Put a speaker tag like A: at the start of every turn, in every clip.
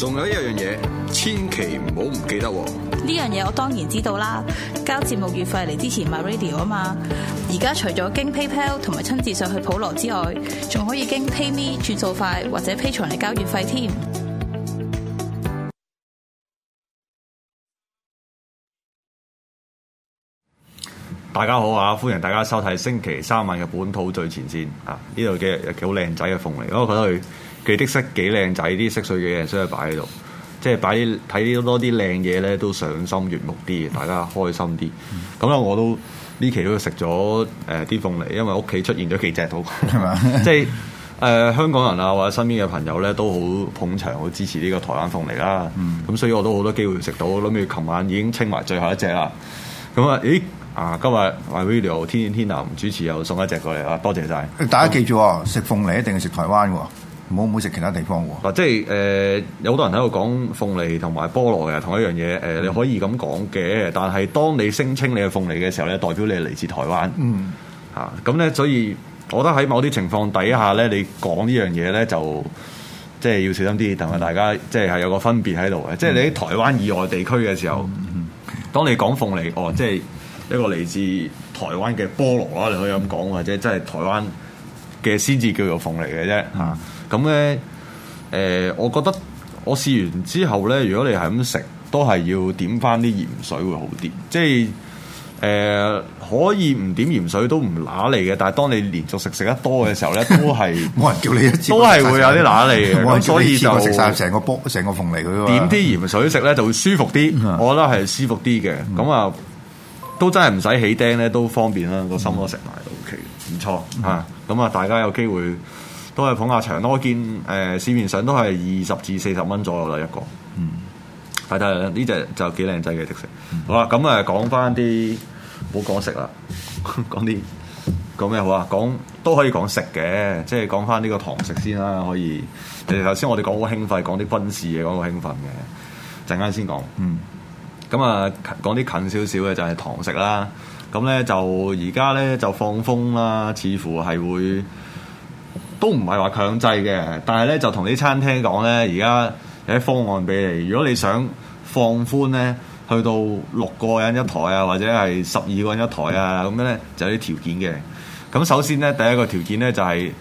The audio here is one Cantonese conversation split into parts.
A: 仲有一樣嘢，千祈唔好唔記得喎！
B: 呢樣嘢我當然知道啦，交節目月費嚟支持 MyRadio 啊嘛。而家除咗經 PayPal 同埋親自上去普羅之外，仲可以經 PayMe 轉數快或者 Patreon 嚟交月費添。
A: 大家好啊，歡迎大家收睇星期三晚嘅本土最前線啊！呢度嘅有幾好靚仔嘅鳳梨，我覺得佢。幾，色幾色的色幾靚仔啲色水嘅嘢，所以擺喺度，即係擺睇多啲靚嘢咧，都賞心悅目啲，大家開心啲。咁啊、嗯，我都呢期都食咗誒啲鳳梨，因為屋企出現咗幾隻都係嘛，吧即係誒、呃、香港人啊，或者身邊嘅朋友咧都好捧場，好支持呢個台灣鳳梨啦、啊。咁、嗯、所以我都好多機會食到。諗住琴晚已經清埋最後一隻啦。咁、嗯、啊，咦啊，今日 MyRadio 天天天南主持又送一隻過嚟啊，多謝晒！
B: 大家記住，食、嗯、鳳梨一定係食台灣喎。唔好唔好食其他地方
A: 喎、哦、嗱，即係誒有好多人喺度講鳳梨同埋菠蘿嘅同一樣嘢誒、嗯呃，你可以咁講嘅，但係當你聲稱你係鳳梨嘅時候咧，代表你係嚟自台灣嗯嚇，咁咧，所以我覺得喺某啲情況底下咧，你講呢樣嘢咧就即係要小心啲，同埋大家即係係有個分別喺度嘅。即係你喺台灣以外地區嘅時候，當你講鳳梨哦，即係一個嚟自台灣嘅菠蘿啦，你可以咁講，或者即係台灣嘅先至叫做鳳梨嘅啫嚇。嗯嗯咁咧，誒、呃，我覺得我試完之後咧，如果你係咁食，都係要點返啲鹽水會好啲。即係誒、呃，可以唔點鹽水都唔揦脷嘅，但係當你連續食食得多嘅時候咧，都係冇 人叫你一次過，都係會有啲揦脷嘅。所以就食晒成
B: 個波，成個鳳梨佢點
A: 啲鹽水食咧、嗯、就會舒服啲，嗯、我覺得係舒服啲嘅。咁啊，都真係唔使起釘咧，都方便啦。個心都食埋，O K，唔錯啊。咁、嗯、啊、嗯，大家有機會。都係捧下場咯，我見誒、呃、市面上都係二十至四十蚊左右一個。嗯，睇睇呢隻就幾靚仔嘅特食。好啦，咁啊講翻啲唔好講食啦，講啲講咩好啊？講都可以講食嘅，即係講翻呢個堂食先啦。可以誒頭先我哋講好興奮，講啲軍事嘢講好興奮嘅，陣間先講。嗯，咁啊、嗯、講啲近少少嘅就係堂食啦。咁咧就而家咧就放風啦，似乎係會。都唔係話強制嘅，但係呢就同啲餐廳講呢。而家有啲方案俾你。如果你想放寬呢去到六個人一台啊，或者係十二個人一台啊，咁樣呢就有啲條件嘅。咁首先呢，第一個條件呢就係、是、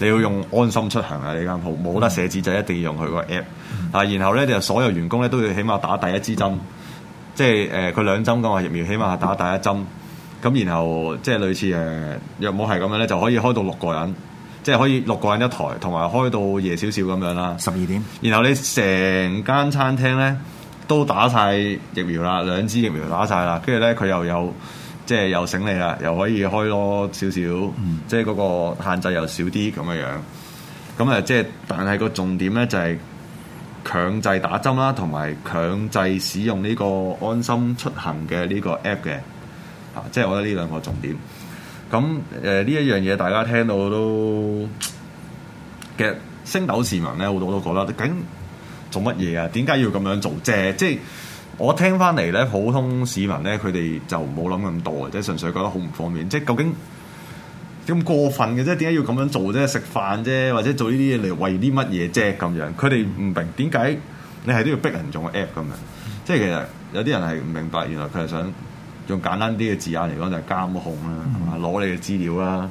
A: 你要用安心出行啊，呢間鋪冇得寫字就一定要用佢個 app。啊，然後呢，就所有員工呢都要起碼打第一支針，即係佢、呃、兩針嘅疫苗起碼打第一針。咁然後即係類似誒藥網係咁樣呢，就可以開到六個人。即係可以六個人一台，同埋開到夜少少咁樣啦，十二點。時然後你成間餐廳呢都打晒疫苗啦，兩支疫苗打晒啦，跟住呢，佢又有即係又醒你啦，又可以開多少少，嗯、即係嗰個限制又少啲咁嘅樣。咁啊，即係但係個重點呢就係強制打針啦，同埋強制使用呢個安心出行嘅呢個 app 嘅，即係我覺得呢兩個重點。咁誒呢一樣嘢，大家聽到都其實星斗市民咧，好多都覺得究竟做乜嘢啊？點解要咁樣做啫？即係我聽翻嚟咧，普通市民咧，佢哋就冇諗咁多嘅，即係純粹覺得好唔方便。即係究竟點咁過分嘅啫？點解要咁樣做啫？食飯啫，或者做呢啲嘢嚟為啲乜嘢啫？咁樣佢哋唔明點解你係都要逼人用 app 咁樣？嗯、即係其實有啲人係唔明白，原來佢係想。用簡單啲嘅字眼嚟講，就係監控啦，係嘛，攞你嘅資料啦，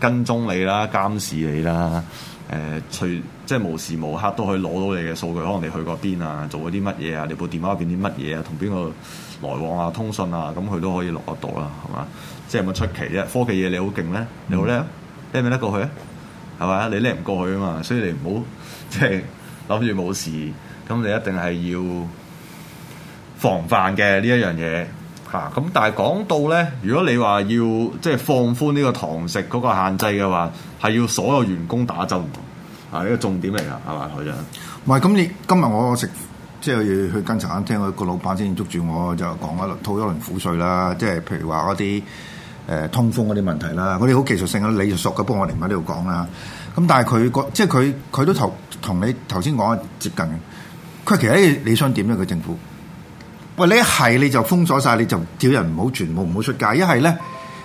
A: 跟蹤你啦，監視你啦，誒、呃、隨即係無時無刻都可以攞到你嘅數據，可能你去過邊啊，做過啲乜嘢啊，你部電話入邊啲乜嘢啊，同邊個來往啊，通訊啊，咁佢都可以落得到啦，係嘛？即係有冇出奇啫。科技嘢你好勁咧，你好叻，叻唔叻過去？啊？係咪、嗯？你叻唔過去啊過去嘛，所以你唔好即係諗住冇事，咁你一定係要防範嘅呢一樣嘢。啊！咁但係講到咧，如果你話要即係放寬呢個堂食嗰個限制嘅話，係要所有員工打針啊！呢個重點嚟噶，係嘛佢啊？
B: 唔係咁，你今日我食即係去間茶餐廳，個老闆先捉住我就講一輪，吐一輪苦水啦。即係譬如話嗰啲誒通風嗰啲問題啦，嗰啲好技術性啦，你就熟嘅，不過我哋唔喺呢度講啦。咁但係佢個即係佢佢都同你頭先講接近，佢其實你想點咧？佢政府？喂，你一係你就封鎖晒，你就叫人唔好全部唔好出街。一係咧，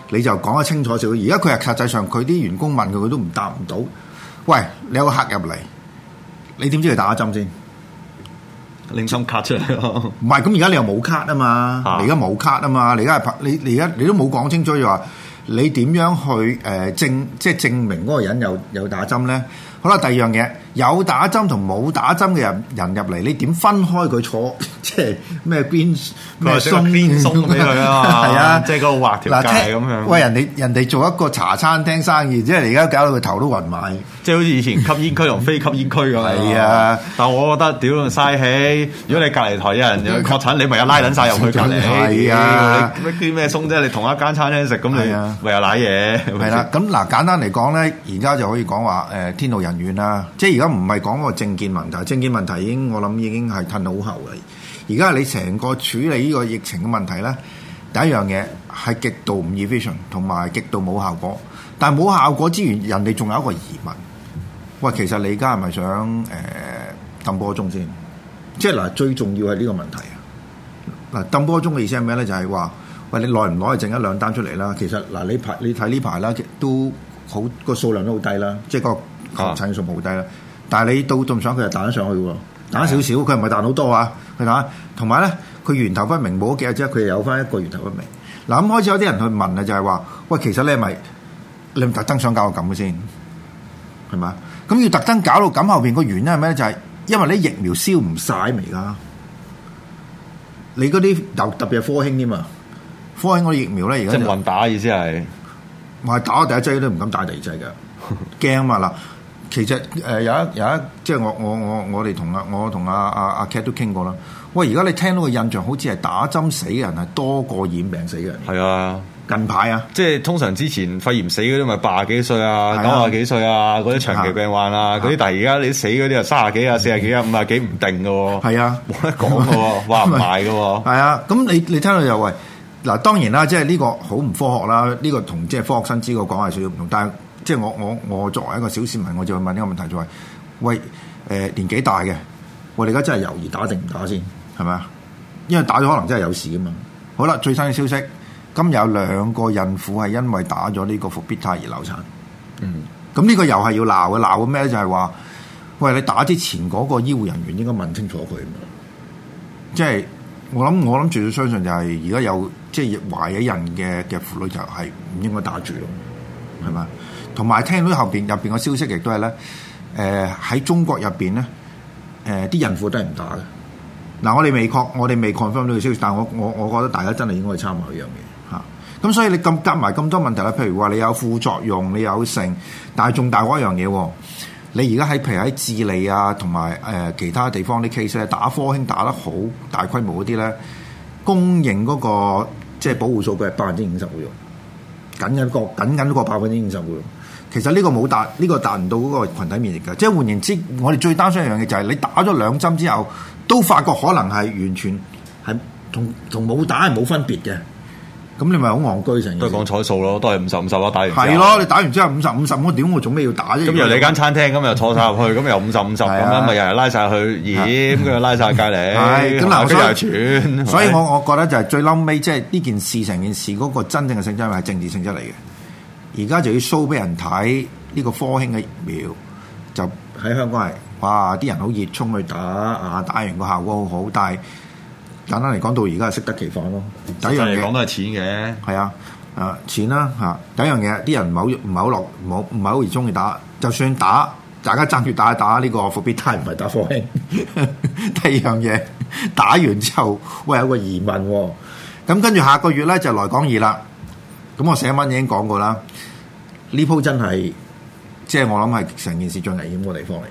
B: 你就講得清楚少少。而家佢係實際上，佢啲員工問佢，佢都唔答唔到。喂，你有個客入嚟，你點知佢打針先？拎張卡出嚟。唔係，咁而家你又冇卡嘛啊卡嘛？你而家冇卡啊嘛？你而家係拍你，你而家你都冇講清楚，又話你點樣去誒、呃、證，即係證明嗰個人有有打針咧？好啦，第二樣嘢。有打針同冇打針嘅人人入嚟，你點分開佢坐？即係咩邊咩松俾佢啊？係啊，即係個劃條界咁樣。喂，人哋人哋做一個茶餐廳生意，即係而家搞到佢頭都暈埋。
A: 即係好似以前吸煙區同非吸煙區咁 啊！係啊，但我覺得屌嘥氣。 如果你隔離台有人有確診， 你咪又拉撚晒入去隔離台。係 啊，啲咩鬆啫？你同一間餐廳食咁你啊，咪有賴嘢。係啦，
B: 咁嗱，簡單嚟講咧，而家就可以講話誒天怒人怨啦。即係咁唔係講個政見問題，政見問題已經我諗已經係褪到好後啦。而家你成個處理呢個疫情嘅問題咧，第一樣嘢係極度唔 efficient，同埋極度冇效果。但係冇效果之餘，人哋仲有一個疑問：喂，其實你而家係咪想誒抌波鐘先？ 即係嗱、啊，最重要係呢個問題啊！嗱，抌波鐘嘅意思係咩咧？就係、是、話：喂、啊，你耐唔攞？耐剩一兩單出嚟啦？其實嗱、啊，你排你睇呢排啦，都好個數量都好低啦，啊、即係個確診數好低啦。啊但係你到仲上，佢就彈得上去喎，彈少少，佢唔係彈好多啊，佢彈，同埋咧，佢源頭不明冇幾日啫，佢有翻一個源頭不明。嗱咁開始有啲人去問啊，就係話：喂，其實你咪你咪特登想搞到咁嘅先係咪？咁要特登搞到咁後邊個源咧係咩咧？就係因為你疫苗銷唔晒啊嘛！而家你嗰啲又特別係科興添嘛，科興嗰啲疫苗咧而家即係混
A: 打意思係，
B: 唔係打咗第一劑都唔敢打第二劑嘅，驚啊 嘛其實誒有一有一即係、就是、我我我我哋同，同啊我同、啊、阿阿、啊、阿、啊、Kate 都傾過啦。喂，而家你聽到個印象好似係打針死嘅人係多過染病死嘅人。
A: 係啊，近排啊，即係通常之前肺炎死嗰啲咪八十幾歲啊、九十幾歲啊嗰啲長期病患啊，嗰啲但係而家你死嗰啲啊三十幾啊、四十幾啊、五十幾唔定嘅喎。係 啊，冇得講嘅喎，話唔埋嘅喎。
B: 係啊，咁、啊、你你聽到就喂嗱，當然啦，即係呢個好唔科學啦，呢、這個同即係科學新知個講係少少唔同，但係。即係我我我作為一個小市民，我就會問呢個問題，就係：喂，誒、呃、年紀大嘅，我哋而家真係猶豫打定唔打先，係咪啊？因為打咗可能真係有事㗎嘛。好啦，最新嘅消息，今日有兩個孕婦係因為打咗呢個伏必泰而流產。嗯，咁呢個又係要鬧嘅，鬧嘅咩就係、是、話：喂，你打之前嗰個醫護人員應該問清楚佢。嗯、即係我諗，我諗住相信就係而家有即係懷咗孕嘅嘅婦女就係唔應該打住咯，係咪、嗯？同埋聽到後邊入邊嘅消息，亦都係咧，誒喺中國入邊咧，誒啲孕婦都係唔打嘅。嗱、呃，我哋未確，我哋未 confirm 到嘅消息，但我我我覺得大家真係應該去參考一樣嘢嚇。咁、啊、所以你咁夾埋咁多問題咧，譬如話你有副作用，你有性，但係仲大過一樣嘢。你而家喺譬如喺智利啊，同埋誒其他地方啲 case 咧，打科興打得好，大規模嗰啲咧，公認嗰、嗰個即係保護數據係百分之五十左右，僅僅過僅僅過百分之五十左右。其實呢個冇達，呢、這個達唔到嗰個羣體免疫㗎。即係換言之，我哋最擔心一樣嘢就係、是、你打咗兩針之後，都發覺可能係完全係
A: 同同冇打係冇分別嘅。咁你咪好戇居成都係講彩數咯，都係五十五十咯，打完之後。係咯，你打
B: 完之後五十五十，咁個點我做咩要打呢？咁又你間
A: 餐廳咁又坐晒入去，咁又五十五十咁樣，咪又係拉晒入去，咦咁佢又拉晒隔離，咁核酸又轉。 所以我
B: 我覺得就係最嬲尾，即係呢件事成件事嗰個真正嘅性質係政治性質嚟嘅。而家就要 show 俾人睇呢個科興嘅疫苗，就喺香港係哇，啲人好熱衷去打啊！打完個效果好好，但係簡單嚟講到而家係適得其反咯。第一樣講都係錢嘅，係啊，啊錢啦、啊、嚇。第一樣嘢，啲人唔係好唔係好落唔好唔係好熱衷去打。就算打，大家爭住打一打呢個復必泰，唔係打科興。 第二樣嘢，打完之後，喂，有個疑問喎、啊。咁跟住下個月咧就來講二啦。咁我寫文已經講過啦，呢鋪真係，即係我諗係成件事最危險嘅地方嚟，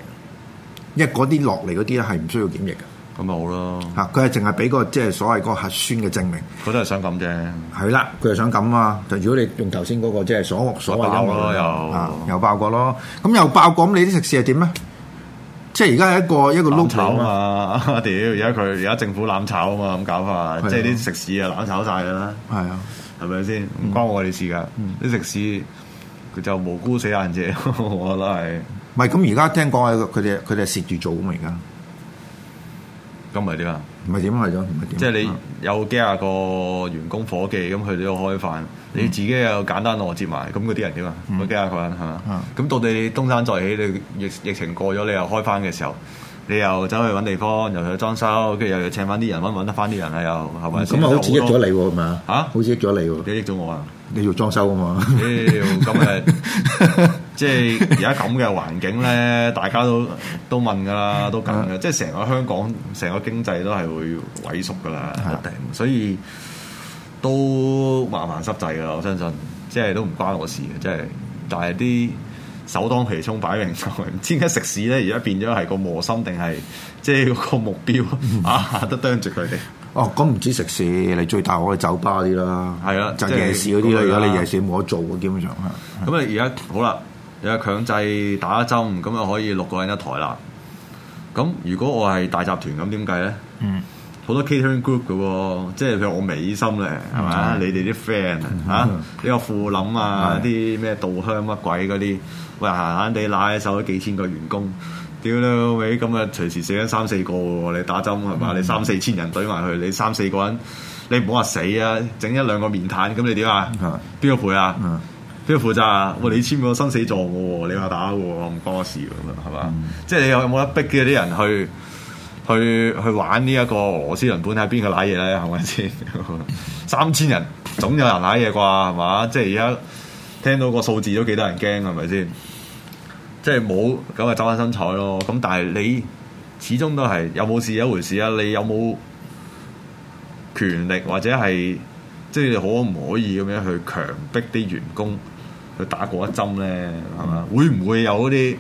B: 因為嗰啲落嚟嗰啲咧係唔需要檢疫嘅，咁咪好咯。嚇，佢係淨係俾個即係所謂嗰核酸嘅證明，佢都係想咁啫。係啦，佢係想咁啊！就如果你用頭先嗰個即係所惡所爆咯，又又爆過咯，咁又爆過，咁你啲食肆係點咧？即係而家係一個一個攬炒啊！
A: 屌，而家佢而家政府攬炒啊嘛，咁搞法，即係啲食肆啊攬炒曬啦。係啊。係咪先？唔關我哋事噶，啲食肆佢就無辜死眼啫，我覺得係。唔係
B: 咁，而家聽講係佢哋佢哋蝕住做嘅而家。咁
A: 咪點啊？唔係點係咗？唔係點？即係你有幾廿個員工伙計咁，佢哋要開飯，你自己又簡單羅接埋，咁嗰啲人點啊？唔係幾廿個人係嘛？咁到底你東山再起，你疫疫情過咗，你又開翻嘅時候？你又走去搵地方，又去裝修，跟住又要請翻啲人，揾揾得翻啲人有啊！又係咪咁啊，好似益咗你係咪啊？好似益咗你喎，益咗我啊？你要裝修啊嘛？妖，咁啊，即係而家咁嘅環境咧，大家都都問噶啦，都緊嘅，啊、即係成個香港，成個經濟都係會萎縮噶啦，一定、啊。所以都麻麻濕滯噶，我相信，即係都唔關我事嘅，即係，但係啲。首當其衝，擺明知，點解食肆咧，而家變咗係個磨心，定係即係個目標啊？都釘住佢哋。哦，咁唔知
B: 食肆，你最大我係酒吧啲啦。係
A: 啊，就夜市嗰啲啦，而家你夜市
B: 冇得做啊，基本上。
A: 咁、啊嗯、你而家好啦，你強制打針，咁就可以六個人一台啦。咁如果我係大集團咁點計咧？嗯好多 catering group 嘅喎，即係譬如我美心咧，係嘛？你哋啲 friend 啊，嚇，呢個富林啊，啲咩稻香乜鬼嗰啲，喂，閒閒地拉一手幾千個員工，屌你老味，咁啊隨時死緊三四個喎！你打針係嘛？你三四千人堆埋去，你三四個人，你唔好話死啊，整一兩個面癱，咁你點啊？邊個賠啊？邊個負責啊？喂你簽個生死狀嘅喎，你話打喎唔關事咁啊？係嘛？即係你有冇得逼嗰啲人去？去去玩呢一個俄羅斯輪盤係邊個舐嘢咧，係咪先？三千人總有人舐嘢啩，係嘛？即係而家聽到個數字都幾得人驚，係咪先？即係冇咁啊，走下身彩咯。咁但係你始終都係有冇事有一回事啊？你有冇權力或者係即係可唔可以咁樣去強迫啲員工去打嗰一針咧？係嘛？嗯、會唔會有啲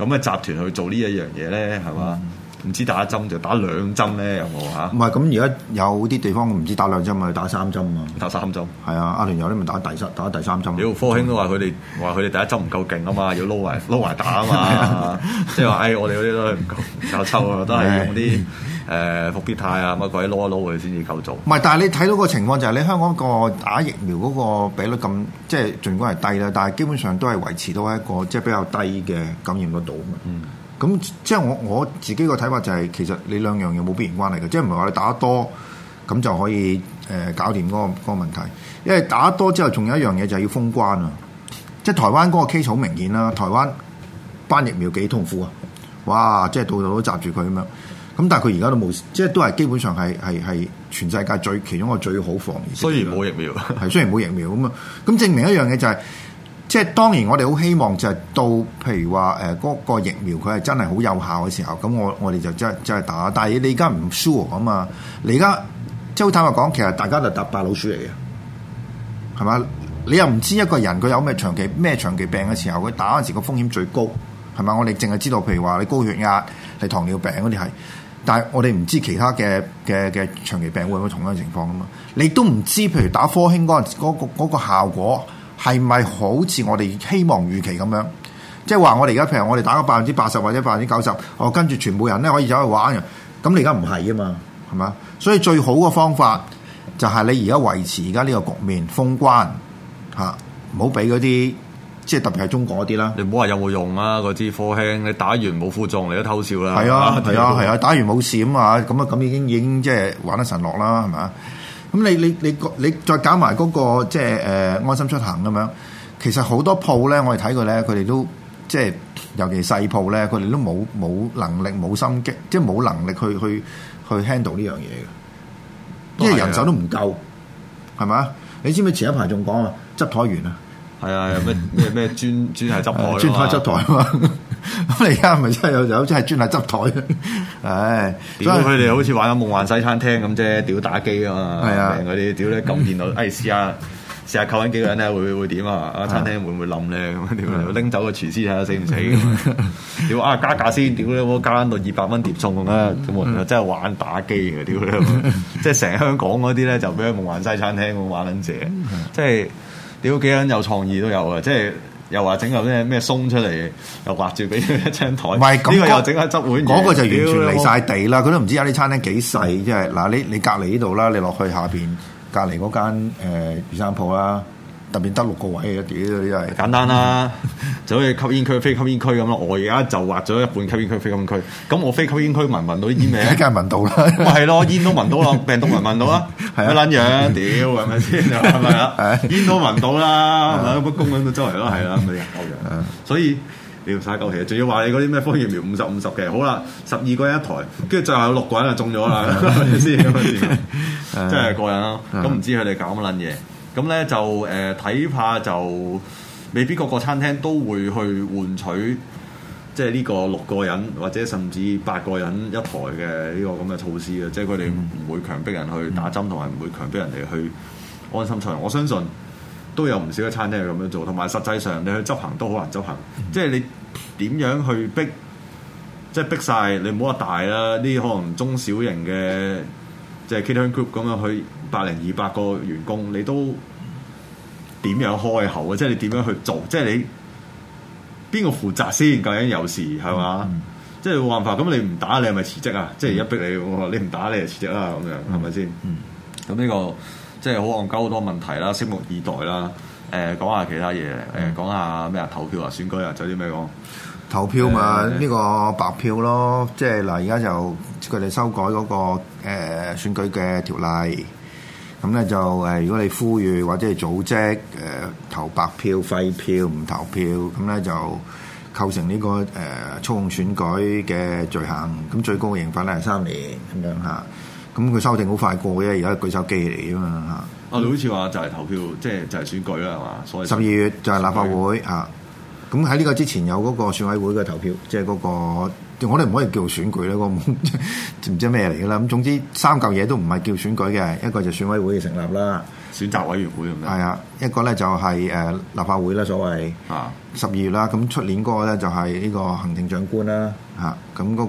A: 咁嘅集團去做一呢一樣嘢咧？係嘛？嗯唔知打針就打兩針咧，有冇嚇？
B: 唔係咁，而家有啲
A: 地方唔知打兩針咪打三針啊。打三針。係啊，阿聯酋啲咪打第三打第三針？屌，科興都話佢哋話佢哋第一針唔夠勁啊，拌來拌來拌來拌嘛，要撈埋撈埋打啊嘛，即係話誒，我哋嗰啲都唔夠，唔夠抽啊，都係用啲誒復必泰啊乜鬼撈一撈佢先至夠做。
B: 唔係、嗯，但係你睇到個情況就係、是、你香港個打疫苗嗰個比率咁，即係儘管係低啦，但係基本上都係維持到一個即係比較低嘅感染率度啊。嗯。咁即係我我自己個睇法就係，其實你兩樣嘢冇必然關係嘅，即係唔係話你打得多咁就可以誒搞掂嗰個嗰個問題？因為打得多之後，仲有一樣嘢就係要封關啊！即係台灣嗰個 case 好明顯啦，台灣班疫苗幾痛苦啊！哇！即係到度都攬住佢咁樣，咁但係佢而家都冇，即係都係基本上係係係全世界最其中一個最好防疫。疫雖然冇疫苗，係 雖然冇疫苗咁啊，咁證明一樣嘢就係。即係當然，我哋好希望就係到譬如話誒嗰個疫苗，佢係真係好有效嘅時候，咁我我哋就真係即係打。但係你而家唔 sure 啊嘛，你而家即係好坦白講，其實大家就特白老鼠嚟嘅，係嘛？你又唔知一個人佢有咩長期咩長期病嘅時候，佢打嗰時個風險最高，係嘛？我哋淨係知道譬如話你高血壓、係糖尿病嗰啲係，但係我哋唔知其他嘅嘅嘅長期病會唔會同樣情況噶嘛？你都唔知譬如打科興嗰個嗰個嗰個效果。係咪好似我哋希望預期咁樣？即係話我哋而家譬如我哋打個百分之八十或者百分之九十，哦跟住全部人咧可以走去玩嘅。咁你而家唔係啊嘛，係嘛、嗯？所以最好嘅方法就係你而家維持而家呢個局面封關嚇，唔好俾嗰啲
A: 即係特別係中國嗰啲啦。你唔好話有冇用啊？嗰支科興，你打完冇負重，你都偷笑啦。係啊係啊係啊，啊，啊，
B: 打完冇事啊，咁啊咁已經已經即係玩得神落啦，係嘛？咁你你你你再搞埋嗰個即係誒、呃、安心出行咁樣，其實好多鋪咧，我哋睇過咧，佢哋都即係尤其細鋪咧，佢哋都冇冇能力冇心機，即係冇能力去去去 handle 呢樣嘢嘅，因為人手都唔夠，係咪？你知唔知前一排仲講啊，執台員啊，係啊，
A: 咩咩咩專 專係執台，專台執台啊嘛。
B: 咁你而家咪真係有有真係專
A: 係執枱，唉，所以佢哋好似玩《夢幻西餐廳》咁啫，屌打機啊嘛，嗰啲屌咧撳電腦哎，試下，試下扣緊幾個人咧，會會點啊？啊，餐廳會唔會冧咧？咁拎是的 走個廚師睇下死唔死？屌啊， 加價先，屌咧，我加翻到二百蚊碟餸啦，咁真係玩打機嘅，屌咧，即係成香港嗰啲咧就畀《夢幻西餐廳》咁玩緊嘅，即係屌幾個人有創意都有啊，即係。又話整嚿咩咩鬆出嚟，又畫住俾一張台。唔係，呢個又整下執碗。嗰個就完全離晒
B: 地啦！佢 都唔知有啲餐廳幾細，即係嗱，你你隔離呢度啦，你落去下邊隔離嗰間誒魚生鋪啦。呃特別得六個位嘅，屌真
A: 係簡單啦！就好似吸煙區、非吸煙區咁咯。我而家就劃咗一半吸煙區、非吸煙區。咁我非吸煙區聞聞到啲煙味，梗係聞到啦。咪係咯，煙都聞到咯，病毒聞聞到啦，係乜撚樣？屌係咪先？係咪啊？煙都聞到啦，係咪不公咁樣周圍咯？係啦，咁嘅樣，所以屌曬鳩氣！仲要話你嗰啲咩科疫苗五十五十嘅，好啦，十二個人一台，跟住最後有六個人就中咗啦，係咪先？
B: 真係
A: 過癮咯！咁唔知佢哋搞乜撚嘢？咁咧就誒睇、呃、怕就未必個個餐廳都會去換取，即係呢個六個人或者甚至八個人一台嘅呢個咁嘅措施啊！嗯、即係佢哋唔會強迫人去打針，同埋唔會強迫人哋去安心場。我相信都有唔少嘅餐廳係咁樣做，同埋實際上你去執行都好難執行。嗯、即係你點樣去逼，即係逼晒，你唔好話大啦，呢啲可能中小型嘅即係 catering group 咁樣去百零二百個員工，你都～點樣開口啊？即係你點樣去做？即係你邊個負責先？究竟有事係嘛？嗯、即係冇辦法，咁你唔打你係咪辭職啊？嗯、即係一逼你，你唔打你就辭職啦、啊，咁樣係咪先？咁呢吧、嗯呢個即係好戇鳩好多問題啦，拭目以待啦。誒、呃，講下其他嘢，誒、嗯，講下咩啊？投票啊，選舉啊，仲有啲咩講？投票嘛，呢、嗯、個
B: 白票咯，即係嗱，而家就佢哋修改嗰個誒選舉嘅條例。咁咧就誒，如果你呼籲或者係組織誒、呃、投白票、廢票唔投票，咁咧就構成呢、呢個誒、呃、操控選舉嘅罪行。咁最高嘅刑罰咧係三年咁樣吓。咁佢修訂好快過嘅，而家舉手機嚟啊嘛嚇。哦，你好
A: 似話就係投票，即係就係、係、選舉啦，係嘛？所以十二月
B: 就係立法會嚇。咁喺呢個之前有嗰個選委會嘅投票，即係嗰個。我哋唔可以叫選舉咧，個 唔知咩嚟噶啦。咁總之三嚿嘢都唔係叫選舉嘅，一個就選委會嘅成立啦，選擇委員會咁樣。係啊，一個咧就係誒立法會啦，所謂啊十二月啦。咁出年嗰個咧就係呢個行政長官啦。嚇，咁嗰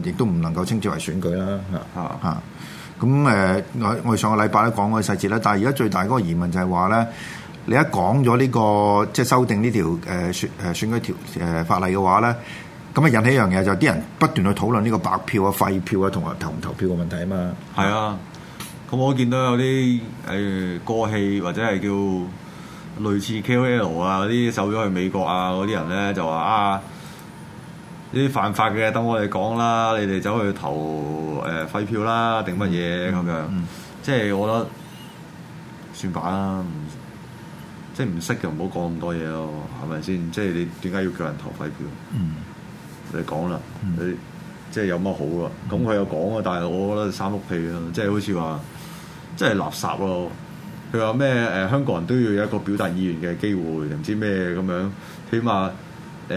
B: 個亦都唔能夠稱之為選舉啦。嚇嚇，咁誒，啊、我我哋上個禮拜咧講嗰啲細節咧，但係而家最大嗰個疑問就係話咧，你一講咗呢個即係修訂呢條誒選誒選舉條誒、呃、法例嘅話咧。咁啊！引起一樣嘢就係、是、啲人不斷去討論呢個白票啊、廢票啊同埋投唔投票嘅問題啊嘛。
A: 係啊，咁我見到有啲誒、呃、過氣或者係叫類似 KOL 啊嗰啲走咗去美國啊嗰啲人咧就話啊，呢啲犯法嘅等我哋講啦，你哋走去投誒、呃、廢票啦定乜嘢咁樣？嗯嗯、即係我覺得算罷啦，即係唔識就唔好講咁多嘢咯，係咪先？即係你點解要叫人投廢票？嗯就講啦，你、嗯、即係有乜好啊？咁佢、嗯、有講啊，但係我覺得三幅被啊，即、就、係、是、好似話，即係垃圾咯。佢話咩？誒、呃，香港人都要有一個表達意願嘅機會，定唔知咩咁樣？起碼誒、呃，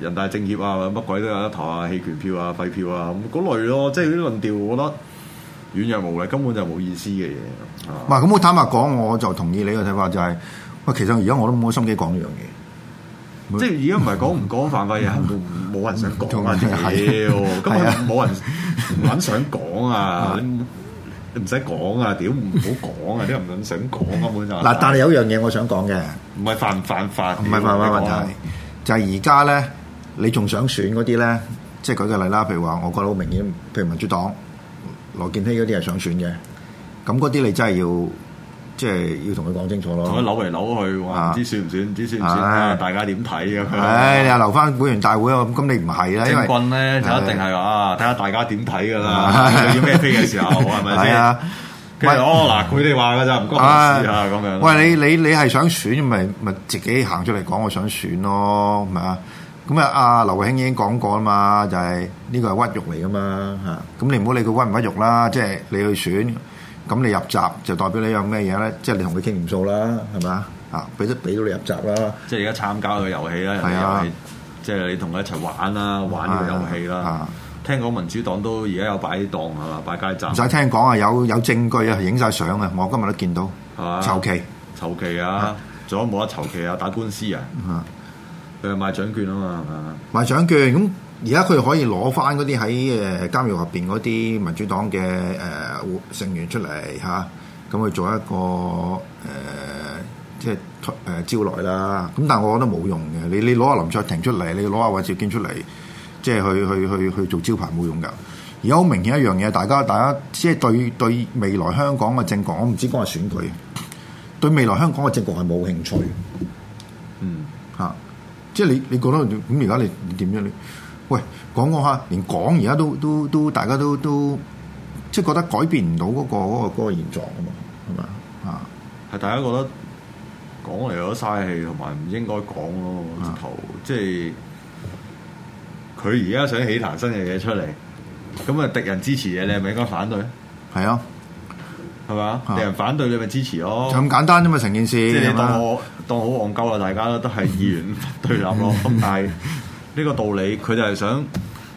A: 人大政協啊，乜鬼都有得投啊，棄權票啊，廢票啊，咁嗰類咯、啊。即係啲論調，我覺得軟弱無力，根本就冇意思嘅嘢。唔
B: 係、嗯，咁我坦白講，我就同意你嘅睇法、就是，就係我其實而家
A: 我都冇心機講呢樣嘢。即係而家唔係講唔講犯法嘢，冇冇人想講啊！屌，咁係冇人揾想講啊！你唔使講啊！屌，唔好講啊！啲人唔想講咁樣就嗱，但係有
B: 樣嘢我想講嘅，
A: 唔係犯唔犯法，唔係犯法問題，
B: 就係而家咧，你仲想選嗰啲咧？即係舉個例啦，譬如話，我覺得好明顯，譬如民主黨羅健熙嗰啲係想選嘅，咁嗰啲你真係要。即係要同佢講清楚咯，同佢扭
A: 嚟扭去，唔知算唔算，唔知算唔算，大家點睇咁。唉，你又留
B: 翻會員大會啊？咁你唔係啦，因為棍
A: 咧就一定係啊，睇下大家點睇噶啦，要咩飛嘅時候，係咪先？喂，哦嗱，佢哋話嘅咋，唔關我事啊咁樣。喂，你
B: 你你係想選，咪咪自己行出嚟講，我想選咯，係啊？咁啊，阿劉慧卿已經講過啦嘛，就係呢個係屈辱嚟噶嘛嚇。咁你唔好理佢屈唔屈辱啦，即係你去選。咁你入閘就代表你有咩嘢咧？就是、即係你同佢傾唔數啦，係咪啊？啊，俾得俾到你入閘啦！即
A: 係而家參加個遊戲咧，即係你同佢一齊玩啦，玩呢個遊戲啦。聽講民主黨都而家有擺檔係嘛，擺街站。唔使聽
B: 講啊，有有證據啊，影晒相啊，我今日都見到係
A: 嘛？啊、籌期籌期啊，仲、啊、有冇得籌期啊，打官司啊，誒賣、啊、獎券啊嘛，
B: 賣獎券咁。嗯而家佢可以攞翻嗰啲喺誒監獄入邊嗰啲民主黨嘅誒、呃、成員出嚟嚇，咁、啊、去做一個誒、呃、即係誒招來啦。咁、呃、但係我覺得冇用嘅。你你攞阿林卓廷出嚟，你攞阿尹兆堅出嚟，即係去去去去，去做招牌冇用㗎。而家好明顯一樣嘢，大家大家即係對對未來香港嘅政局，我唔知講係選舉，對未來香港嘅政局係冇興趣。嗯，嚇、啊，即係你你覺得咁而家你你點樣你？你喂，講講下，連講而家都都都大家都都即係覺得改變唔到嗰個嗰個嗰個現狀啊嘛，係咪
A: 啊？係大家覺得講嚟有嘥氣，同埋唔應該講咯，直頭即係佢而家想起彈新嘅嘢出嚟，咁啊敵人支持嘢，你係咪應該反對？係是啊，係嘛？敵人反對你咪支持咯，就咁
B: 簡單啫嘛，成件事。即係當我
A: 吧當好戇鳩啦，大家都係議員對立咯，咁但係。呢個道理，佢就係想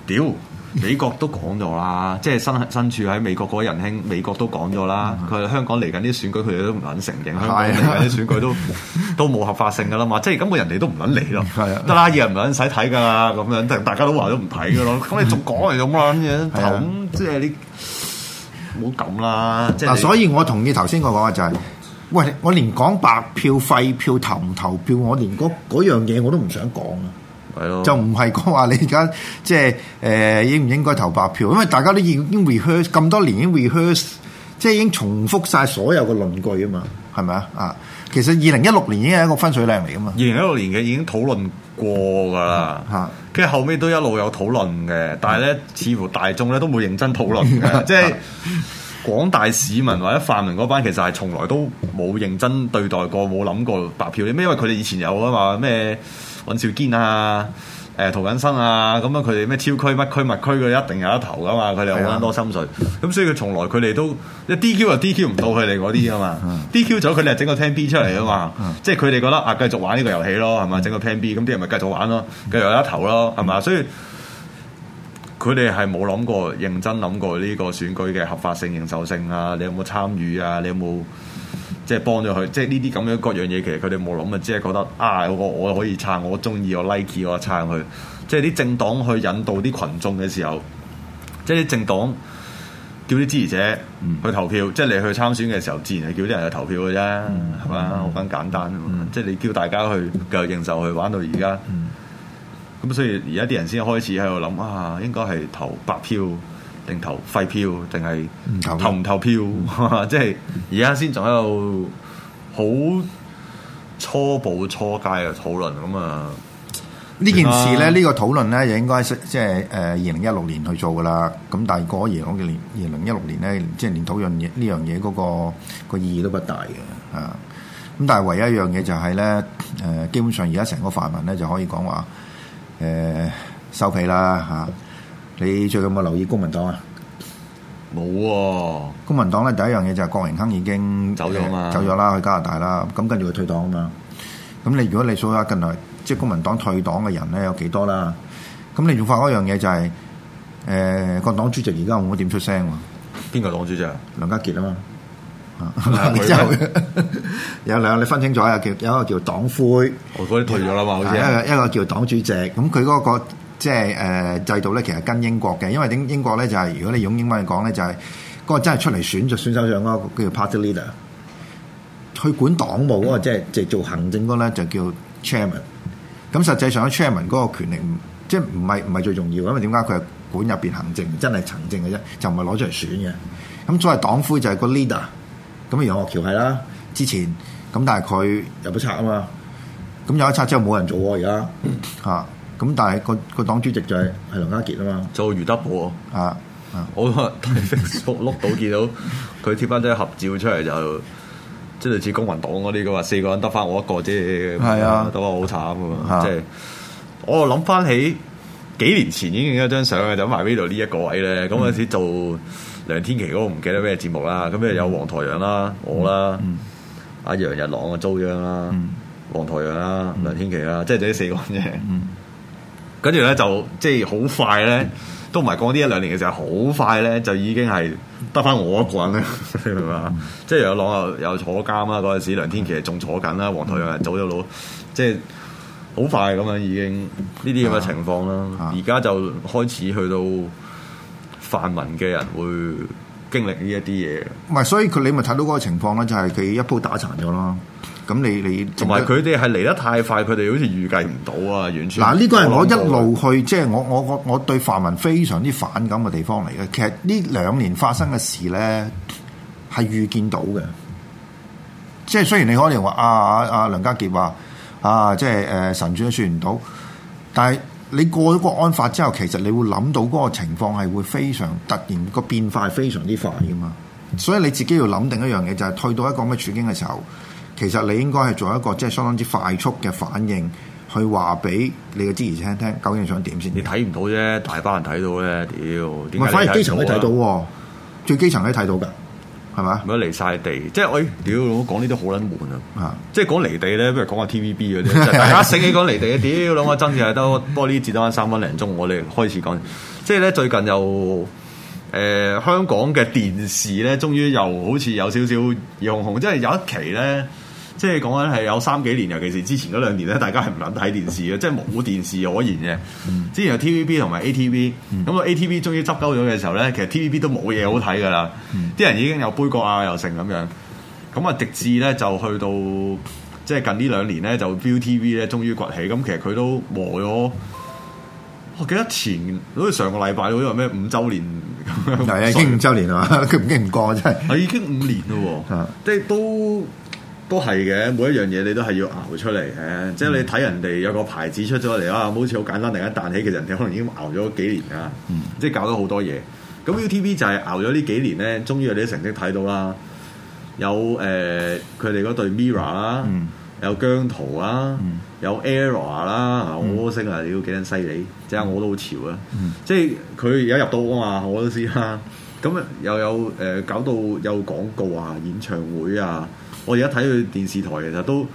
A: 屌美國都講咗啦，即係身身處喺美國嗰位仁兄，美國都講咗啦。佢係香港嚟緊啲選舉，佢哋都唔肯承認香港嚟緊啲選舉都 都冇合法性噶啦嘛。即係根本人哋都唔肯嚟咯。係啊 是的，得啦，嘢又唔肯使睇噶咁樣，但大家都話都唔睇噶咯。咁 是的 你仲講嚟做乜嘢？咁即係你唔好咁啦。嗱、即係，所以
B: 我同意頭先我講嘅就係，喂，我連講白票、廢票、投唔投票，我連嗰樣嘢我都唔想講啊。 就唔係講話你而家即係誒應唔應該投白票，因為大家都已經 rehearse 咁多年，已經 rehearse 即係已經重複晒所有嘅論據啊嘛，係咪啊啊？其實二零一六年已經係一個分水
A: 嶺嚟噶嘛，二零一六年嘅已經討論過噶啦，嚇、嗯，跟、啊、住後尾都一路有討論嘅，但係咧似乎大眾咧都冇認真討論嘅，即係 廣大市民或者泛民嗰班其實係從來都冇認真對待過，冇諗過白票啲咩，因為佢哋以前有啊嘛咩。尹兆堅啊，誒陶謹生啊，咁樣佢哋咩超區乜區物區佢一定有一頭噶嘛，佢哋好撚多心水，咁的所以佢從來佢哋都一 DQ 又 DQ 唔到佢哋嗰啲啊嘛，DQ 咗佢哋整個聽 B 出嚟啊嘛，的即係佢哋覺得啊繼續玩呢個遊戲咯，係咪？整個聽 B，咁啲人咪繼續玩咯，繼續有一頭咯，係咪的，所以佢哋係冇諗過，認真諗過呢個選舉嘅合法性、認受性啊，你有冇參與啊？你有冇？即係幫咗佢，即係呢啲咁樣各樣嘢，其實佢哋冇諗啊，即係覺得啊，我我可以撐，我中意我 like 我撐佢。即係啲政黨去引導啲群眾嘅時候，即係啲政黨叫啲支持者去投票，嗯、即係你去參選嘅時候，自然係叫啲人去投票嘅啫，係嘛、嗯？好、嗯、簡單、嗯、即係你叫大家去繼續認受去玩到而家。咁、嗯、所以而家啲人先開始喺度諗啊，應該係投白票。定投廢票定係投唔投票？即係而家先仲喺度好初步初階嘅討論咁啊！呢件事咧，嗯、個討論呢個
B: 討論咧，又應該即係誒二零一六年去做噶啦。咁但係嗰年嗰年二零一六年咧，即係連討論呢樣嘢嗰個意義都不大嘅啊。咁但係唯一一樣嘢就係咧，誒、呃、基本上而家成個泛民咧就可以講話誒、呃、收皮啦嚇。啊你最近有冇留意公民黨啊？冇。公民黨咧，第一樣嘢就係郭榮鏗已經走咗嘛，走咗啦，去加拿大啦。咁跟住佢退黨啊嘛。咁你如果你數下近來即係公民黨退黨嘅人咧，有幾多啦？咁你要化開一樣嘢就係，誒，個黨主席而家冇點出聲喎。邊個黨主席啊？梁家傑啊嘛。係啊，佢有兩，你分清楚啊，有有一個叫黨魁，
A: 我嗰啲退咗啦嘛，好似一個一
B: 個叫黨主席，咁佢嗰個。即係誒、呃、制度咧，其實跟英國嘅，因為英英國咧就係、是、如果你用英文講咧，就係、是、嗰個真係出嚟選就選首長咯，叫做 Party Leader。去管黨務嗰個、嗯、即係即係做行政嗰咧就叫 Chairman、嗯。咁實際上的 Chairman 嗰個權力唔即係唔係唔係最重要，因為點解佢係管入邊行政，真係行政嘅啫，就唔係攞出嚟選嘅。咁作為黨魁就係個 Leader。咁楊岳橋係啦，之前咁，但係佢入咗冊啊嘛。咁有咗冊之後冇人做喎，而家嚇。嗯嗯嗯咁但係個個黨主席就係係梁家
A: 傑啊嘛， 做余德寶啊，我喺 Facebook 碌到見到佢貼翻張合照出嚟就，即係類似公民黨嗰啲咁話四個人得翻我一個啫，係啊，都話好慘啊，即係我諗翻起幾年前已經有一張相啊，就埋呢度呢一個位咧，咁陣時做梁天琦嗰、那個唔記得咩節目啦，咁有黃台仰啦，我啦，阿楊、嗯啊、日朗啊遭殃啦，黃、嗯、台仰啦，梁天琦啦，即係就呢四個人嘅。嗯跟住咧就即係好快咧，都唔係過呢一兩年嘅時候，好快咧就已經係得翻我一個人啦，係嘛？ 即係有朗又，又坐監啦，嗰陣時梁天琦仲坐緊啦，黃台仰係走咗佬，即係好快咁樣已經呢啲咁嘅情況啦。而家、啊啊、就開始去到泛民嘅人會經歷呢一啲嘢。唔、
B: 啊、係，所以佢你咪睇到嗰個情況咧，就係、是、佢一鋪打殘咗囉。咁你你同埋佢哋
A: 係嚟得太快，佢哋好似預計唔到啊，完全嗱，呢個係我一路
B: 去，即係我我我我對泛民非常之反感嘅地方嚟嘅。其實呢兩年發生嘅事咧係預見到嘅，即係雖然你可能話啊啊梁家傑話啊，即係誒神主都算唔到，但係你過咗個安法之後，其實你會諗到嗰個情況係會非常突然，個變化係非常之快噶嘛。所以你自己要諗定一樣嘢，就係退到一個咩處境嘅時候，其實你應該係做一個即係相當之快速嘅反應，去話俾你嘅支持聽聽，究竟想點先？你睇
A: 唔到啫，大班人睇到咧，屌！點解，反而基層都睇
B: 到，最基層都睇到㗎，係咪？
A: 冇得離晒地，即係我屌，我講呢啲好撚悶啊！即係講離地咧，不如講下 TVB 嗰啲，大家醒起講離地啊！屌，諗下真係都播啲字多三分零鐘，我哋開始講，即係咧最近又誒、呃、香港嘅電視咧，終於又好似有少少熱紅，即係有一期咧。即係講緊係有三幾年，尤其是之前嗰兩年咧，大家係唔撚睇電視嘅，即係冇電視可言嘅。之前有 T V B 同埋 A T V，咁個 A T V 終於執鳩咗嘅時候咧，其實 T V B 都冇嘢好睇噶啦。啲、嗯、人已經有杯葛啊，又剩咁樣。咁啊，直至咧就去到即係、就是、近呢兩年咧，就 View T V 咧終於崛起。咁其實佢都磨咗。我、哦、記得前好似上個禮拜好似話咩五周年，係啊，已經五周年係
B: 佢唔驚唔過真係。 已經
A: 五年咯喎，即係都。都係嘅，每一樣嘢你都係要熬出嚟嘅。嗯、即係你睇人哋有個牌子出咗嚟啊，嗯、好似好簡單，突然間彈起。其實人哋可能已經熬咗幾年啊，嗯、即係搞咗好多嘢。咁 ViuTV 就係熬咗呢幾年咧，終於有啲成績睇到啦。有誒，佢哋嗰隊 Mirror 啦，有姜濤啦，嗯、有 Error 啦、嗯，好嘅星啊，你屌幾撚犀利，即係我都好潮啊。嗯、即係佢而家入到啊嘛，我都知啦。咁 又有誒搞到有廣告啊，演唱會啊。我而家睇佢電視台其實都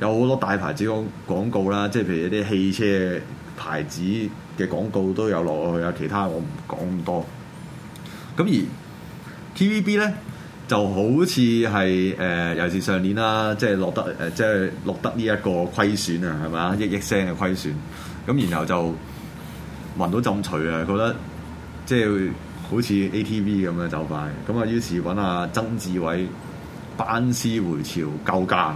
A: 有好多大牌子嘅廣告啦，即係譬如一啲汽車牌子嘅廣告都有落去，啊其他我唔講咁多。咁而 TVB 咧就好似係誒，尤其是上年啦，即係落得誒，即係落得呢一個虧損啊，係咪，億億聲嘅虧損。咁然後就聞到爭取啊，覺得即係好似 ATV 咁樣走快。咁啊，於是揾阿曾志偉。班師回朝，救駕，係、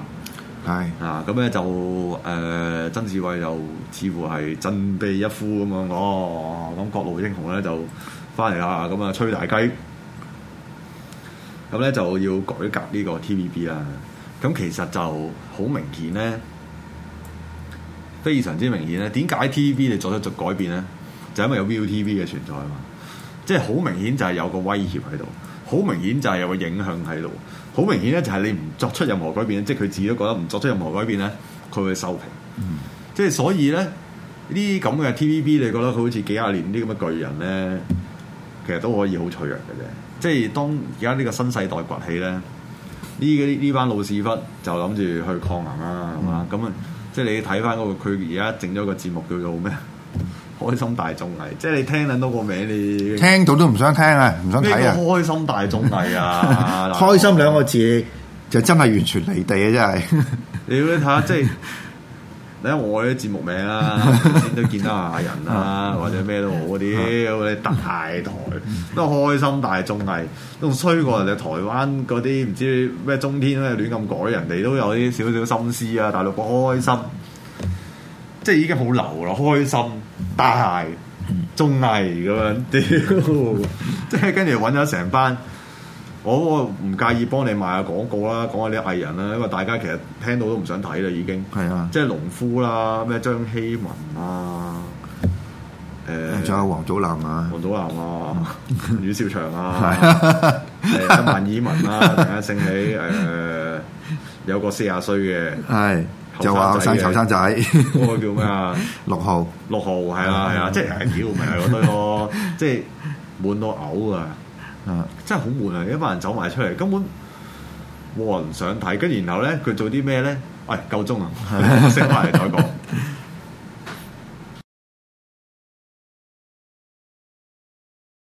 A: 哎、啊咁咧就誒、呃，曾志偉又似乎係振臂一呼咁樣，我咁各路英雄咧就翻嚟啦，咁啊吹大雞，咁咧就要改革呢個 TVB 啦。咁其實就好明顯咧，非常之明顯咧。點解 TVB 你作出咗改變咧？就因為有 ViuTV 嘅存在嘛，即係好明顯就係有個威脅喺度。好明顯就係有個影響喺度，好明顯咧就係你唔作出任何改變，即係佢自己都覺得唔作出任何改變咧，佢會收皮。嗯，即係所以咧呢啲咁嘅 TVB，你覺得佢好似幾廿年啲咁嘅巨人咧，其實都可以好脆弱嘅啫。即係當而家呢個新世代崛起咧，呢呢班老屎忽就諗住去抗衡啦，係嘛？咁啊，即係你睇翻嗰個佢而家整咗個節目叫做咩？開心大綜藝，即係你聽緊嗰個名，你聽到，你聽
B: 到都唔想聽啊，唔想睇、啊、咩
A: 開心大綜藝啊？
B: 開心兩個字 就真係完全離地啊！真係，
A: 你睇下即係，睇下我啲節目名啦，都見得下人啦，或者咩都好嗰啲，我哋大台都開心大綜藝，都衰過人哋台灣嗰啲唔知咩中天咩亂咁改，人哋都有啲少少心思啊，大陸播開心。即係已經好流啦，開心大綜藝咁樣，屌！即係跟住揾咗成班，我唔介意幫你賣下廣告啦，講下啲藝人啦，因為大家其實聽到都唔想睇啦，已經。係啊！即係農夫啦，咩張希文啊，誒、呃、仲有王祖藍啊，王祖藍啊，阮兆、嗯、祥啊，誒萬綺雯啊，突然間醒起、呃，有個四廿歲嘅。係。就話生丑生仔，嗰個、哦、叫咩啊？六號，六號，六號係啊，係啊，即係妖，咪係嗰堆咯，即係悶到嘔啊！嗯，真係好悶啊！一班人走埋出嚟，根本冇人想睇，跟住然後咧佢做啲咩咧？喂、哎，夠鐘啊，升翻嚟再講。嗯嗯